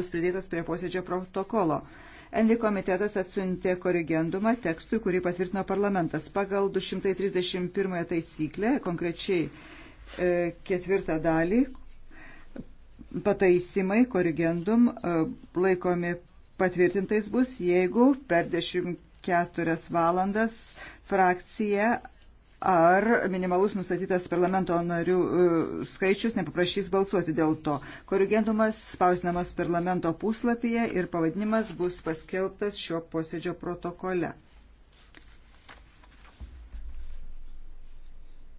bus pridėtas prie posėdžio protokolo. Envi komitetas atsiuntė korigendumą tekstui, kurį patvirtino parlamentas. Pagal 231 taisyklę, konkrečiai e, ketvirtą dalį, pataisimai korigendum e, laikomi patvirtintais bus, jeigu per 10 keturias valandas frakcija ar minimalus nustatytas parlamento narių e, skaičius nepaprašys balsuoti dėl to. Korigendumas spausinamas parlamento puslapyje ir pavadinimas bus paskelbtas šio posėdžio protokole.